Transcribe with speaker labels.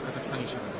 Speaker 1: w Kazachstanie się wydarzy.